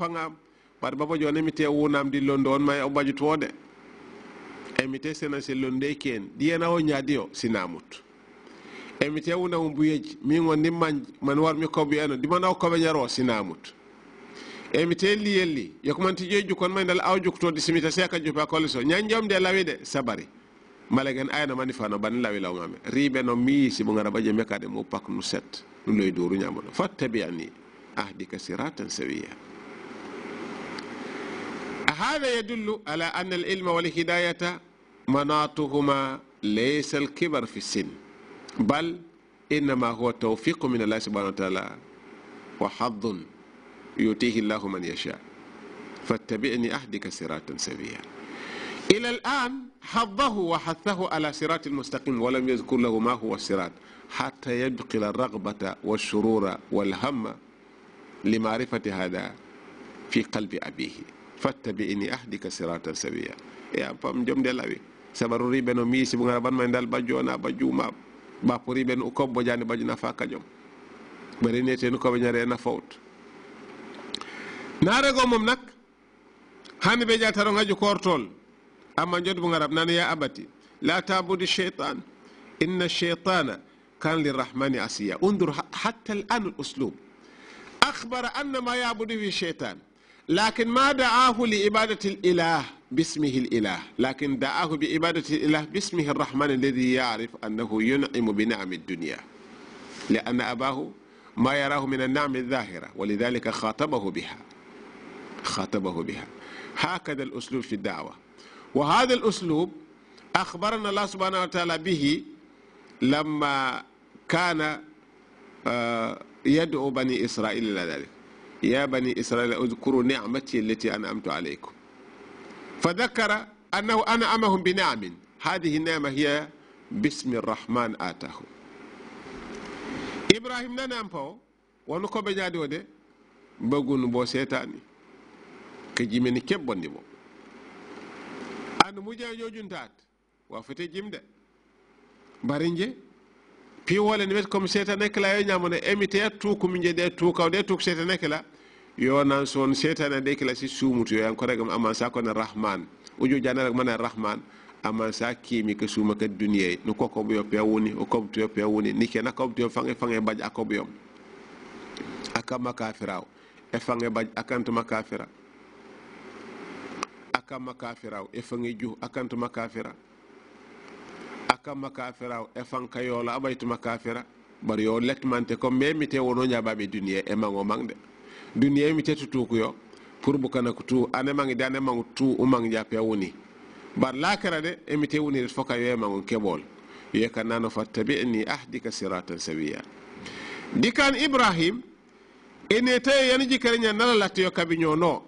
panga bari baba joni mi te di dillondo on o baju o bajutowode emi te sena londe ken ena o ñaadi o sinamut emi te wuna um buyej mi on ndimman man warmi koɓe eno di o koɓe ñaro sinamut e yo ko man ti jeju kon awju ndal awjuktode simita seka jupa kolle so ñanjomde de sabari mala gen ayana mani fano ban lawi ngame ribe no si mo ngara baje mekade mo pak nu set nu loye doru ñamoɗo ani ahdika siratan sawiya فهذا يدل على أن العلم والهداية مناطهما ليس الكبر في السن بل إنما هو توفيق من الله سبحانه وتعالى وحظ يؤتيه الله من يشاء فاتبعني أهدك صراطا سبيا إلى الآن حظه وحثه على صراط المستقيم ولم يذكر له ما هو الصراط حتى يبقل الرغبة والشرور والهم لمعرفة هذا في قلب أبيه فاتبعني أهدك صراطا سويا يا فام جم دلوي سبارو ريبنو ميسي بغا بان ما ندال باجو انا باجو ما باپو ريبنو اكوب بجاني باجو نفاك جم بري نيتي نكو بجاني نفوت نارغو ممنك هاني بجا ترون هجو كورتول اما جد بغا رب نانا يا أبتي لا تابود الشيطان إن الشيطان كان للرحمن أسيا انظر حتى الآن الأسلوب أخبر أن ما يعبد في الشيطان لكن ما دعاه لعبادة الإله باسمه الإله لكن دعاه بعبادة الإله باسمه الرحمن الذي يعرف أنه ينعم بنعم الدنيا لأن أباه ما يراه من النعم الظاهرة ولذلك خاطبه بها خاطبه بها هكذا الأسلوب في الدعوة وهذا الأسلوب أخبرنا الله سبحانه وتعالى به لما كان آه، يدعو بني إسرائيل إلى ذلك يا بني إسرائيل اذكروا نعمتي التي أنعمت عليكم فذكر أنه أنعمهم بنعم هذه النعمة هي بسم الرحمن آتاه إبراهيم ننام فو ونكو بجادو دي بغون بو سيتاني كجيمني كبوني بو أن مجا يوجون تات وفتي جمدة بارنجي piwole ne wiyata komi setaneke la yo ñamone émité tuukuminje ɗe tuukaw ɗe tuuk setaneke la yonan son setana de kila si sumutu yo yankore gam aman sa kono rahman uju janara mana rahman aman kimi ke suma ke duniye no koko bo yope woni o kobto yope woni nike na kobto fange e kafira akama kafiraw e fange ju akantuma kafira yo letmante ko memite wono nyababe duniye e mango mangde dunia mi tetu tukuyo pour kana kutu ane mangi de ane mangu tu umangi jape woni bar la lakara de emi te woni ret foka yoye mangu kebol ye kanano fattabi'ni ahdika siratan sawiya dikan ibrahim ene te yani jikare nya nala latiyo kabi nyono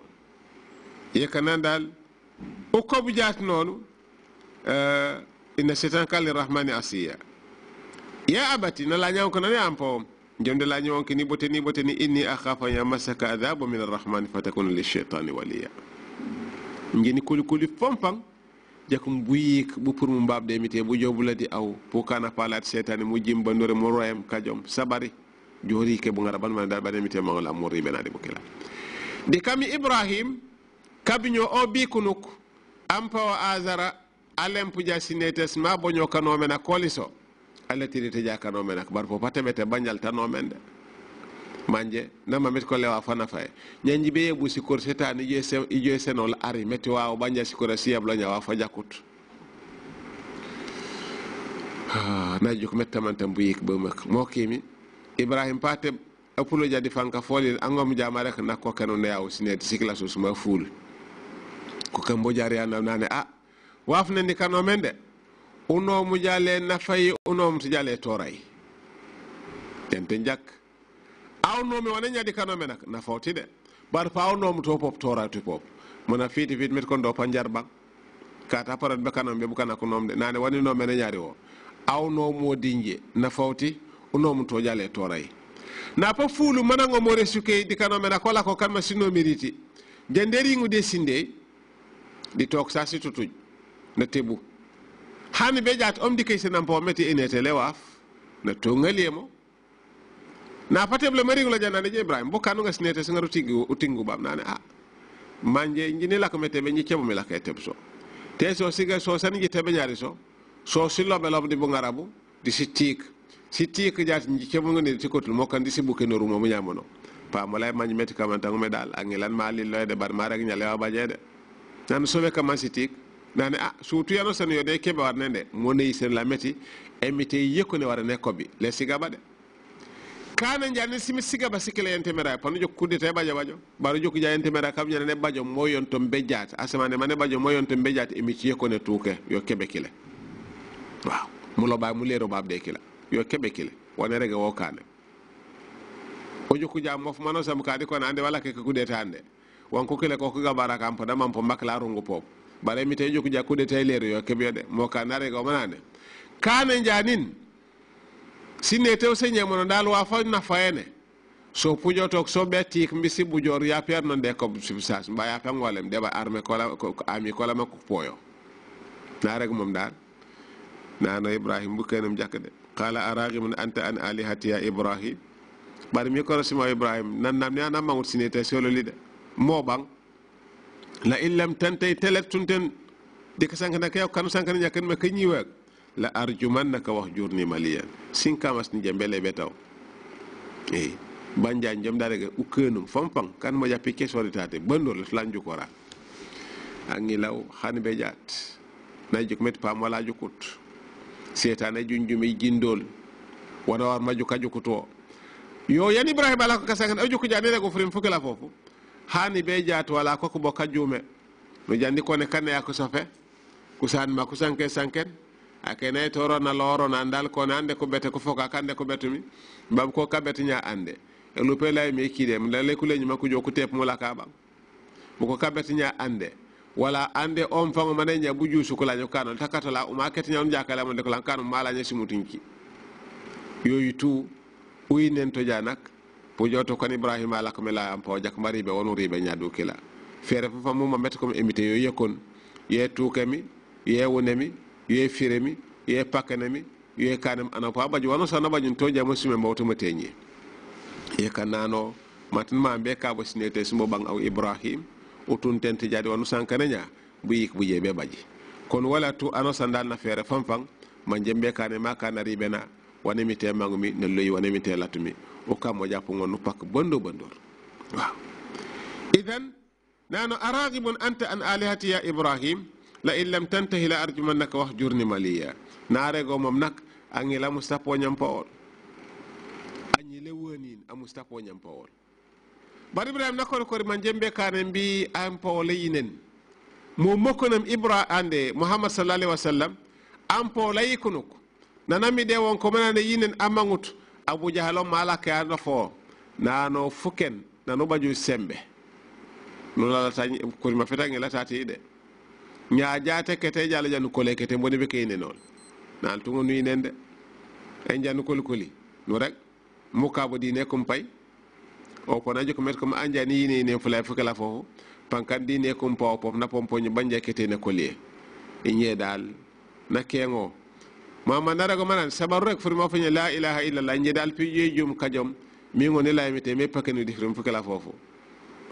ye kanandal o bu jaat nonu uh, eh, ina shaitan kali rahmani asiya ya abati nala nyaw kanani ampom jonde la ñoo ki ni bote ni bote ni inni akhafa ya masaka adhabu min arrahman fatakun lishaitani waliya ngini kuli kuli fanfan jakum buyik bu pour mu mbaab de mité bu jobula di aw bu kana palat shaitani mu jimba ndore mu royam kajom sabari jori ke bu ngara ban man dal bade mité mo la mo ribe di bu bukila de kami ibrahim kabiñoo o bi kunuk ampa wa azara alempu jasinete ma bonyo kanome na koliso alla tirite jakanomen ak bar fof pateɓete bañal tanomen de manje nama met ko lewa fana faye ñanji ɓe yeɓu sikkor setani ijoye senol ari metti wawa baña sikkora e siyabla ñawa fa jakut ah, najuk mettamantan mbuyik ɓemek mo kimi ibrahim pate apulo jadi fanka folin angom jama rek nakko kanu neyaw sinede sikla susuma fuul ko kambo jari anam nane a ah, ni kanomen de mu jale nafayi mu jale toray tente jak mi wona ñadi kanome nak nafawti de bar fa mu to pop to pop mona fiiti fit mit kon do panjar bang kata parat be kanom be bukana ko nomde nane waninome ne ñaari o mo dinje nafawti mu to jale toray na pa fuulu manaŋo mo resuke di kanome nak wala ko kanma sino miriti janderiŋu de sinde di took sa situtuj na tebu hami ɓe jaat omdi kay sinan pometi inete lewaaf no tongaliyemo na pateble marigolo janane je ibrahim bo kanu kanuga sinete sigaru tiggu bam nane a ah. manje lako lakome teɓe ñiccemo mi laka teb so te so siga so san tebe ñaari so so silloɓe di bu garabu di si sittik sittik jaati jiccemo goni mo kan di si noru mo mu ñamono paamola e mañi meti kamantagume dal angilan ma lilloyde bar mareg ñalewa de nan sobe kaman sittik nane a ah, suutuyano sen yo de keɓe warne nde moneyi sen lameti emite yeko yekkone warane kobi le sigaba de kane jani simi sigaba sikkila yentemera pano jokkude te ɓajo ɓajo ɓaɗo jokkuja yentemera kam ñanane ɓajo moyon to bejjata asamane mane ɓajo moyon to bejjata emici ne tuuke yo keɓe kile waaw mu muloɓa baab de kila yo keɓe kile wone rega wo kane o jokkuja mofmano sam kadi kono ande wala keke kudete hande wonko kile ko gabara bara kam podamam po maklarungu pop ɓaɗa mi tawi jokku jakkude tawi leero yo keɓyoɗe mo ka narego manane kane janin sinne tew señemono dal wa fo nafayene so puƴoto so ɓetti mbi sibbu jooru ya piyat noon de ko subsage mba ya pen golem deɓa armé kola ami kola makko pooyo narego mom dal nano ibrahima bukkenem jakka de qala aragimun anta an alihati ya ibrahim ɓaɗa mi korosima ibrahima nannam ni a nammagut sine tawi sololiɗe moɓang la in lam tantay telet tunten deka sankana kayaw kanu sankana ñakkanma ka ñiwaak la arjumannaka wax jurnima liyan sinkamas ni jambele ɓe taw eyi bandian jom darega ukkenum fampan kanmo jappi kesoritate bandor laslan jukora angilaw han ɓe ƴat nayi jok met paam wala jukut setane junjumi jindol wona warma juka jukuto yo yan ibrahima ala ko kasankana o jukkuja nenego forim fukela fofo hani be jaatu wala ko ko bokka juume no jandi kone ya ko ma kusan ke sanken akenayi toro na loro na andal kone ande ko bete ko foka kande ko betumi bab ko nya ande e lu pelay mi kide mi lalay kuleñuma kujo ku tep mula bu ko kabeti nya ande wala ande on fango mane ña bu juusu kulaño kano takatola uma nya on lan kanon mala nya simutinki yoyi tu uyinen to janak puƴoto kan ibrahima ala mi laawi an pawa jakma riiɓe wonmo riiɓe ñaadu kila feere fof an mum a mbete komi émité yo yekkon ye tuukami ye wunemi yo firemi yo pakkanemi yo kanem ana pa ɓaji wano so ana ɓañum to jamo sume mbawtoma teñi ye ka nano matanma mbe kabo sinete sumbo ɓan aw ibrahim o tuntente jaade wano sankane ña bo yik bo jeeɓe wala tu ano sandalna feere fan fan ma jembe ma kana riɓena wanemite maŋo mi ne loyi wanemite latumi wo kammo japoŋonu pak bondo bondor waaw idan nano aragibun anta an alihati ibrahim la in lam tantahi la arjumannaka wax jurni maliya narego mom nak angila mustapo ñampawol añile wonin a mustapo ñampawol bar ibrahim nakkol kori ma jembe kane mbi an pawole yinen mo mokkonam ibra ande mouhammad sallah alayhi wa sallam an pawolayi nanamiɗe wonko manane yinen amagut aboujahal o maala ke arno fo nano nano ɓaju sembe no lalata korima feta gelatati de ñajate kete jala jandu kole kete boni ɓe keyne noon nan tugo nuyinen de en jandu kolikoli no rek mukkabo dine kom pay o ponajo ko met fulay fukala fofo pankan dine kom pawo pof na pompoño banje ketene kolie e Ma ko manan sabaru rek furima fo la ilaha illallah ñede alpiƴƴoye joom kajom mi woni laymite mais pakenudi firim fukela fofo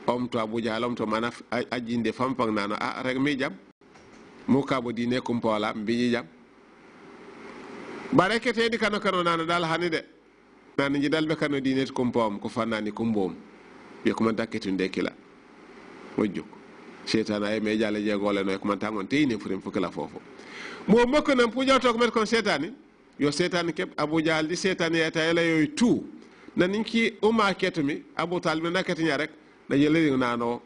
om to aboudiahal om to manaf ajjinde fampang nana a rek mi jam mu kabo dine kumpawala mbiƴi jam bare ketedi kano kano nano dal hanide de nani jidal ɓe kano dineti kumpawam ko fannani kumbowom ɓe kumanta ketunde kila wojjuk seytane me jale furim fukela fofo moo mokko nan puujal to ko kon seetani yo seetani keɓ abou dial ɗi seetani yeyta ela yoye tout nanin ki uma ketumi abou talib na ketiña rek ɗa yeleɗi nano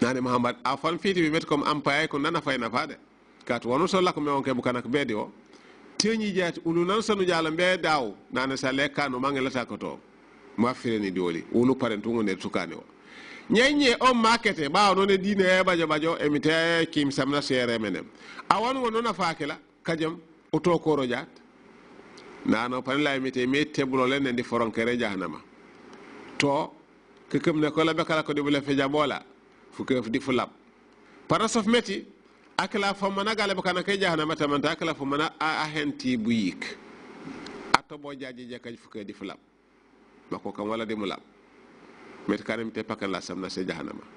nani mouhamad a fan fiiti ɓe comme empaye ko nana fay nafa de kat wonu so lakko mewon kebo kanak beede o teñi jaati unu nan sanu jaala mbe daw nane sa lekkano ma ngelata ko to ma fireni ɗi oli paren tugu sukani o ñeñe on makete ɓawa noon e diine e ɓajo ɓajo emite e, kim samna seere menen awan wo noon a faakela kajam oto koro jat nano panela emite e mi teblole nendi foronkere to kekemne kola ɓe kala koɗi ɓole feja ɓoola fukefdi fulab para sof meti akla famana gale ɓe kana ke jahnama tamanta akla famana a henti buyik a toɓo jaji je kaj fukedi fulab Mtu kare mtepaka la samna se jahanama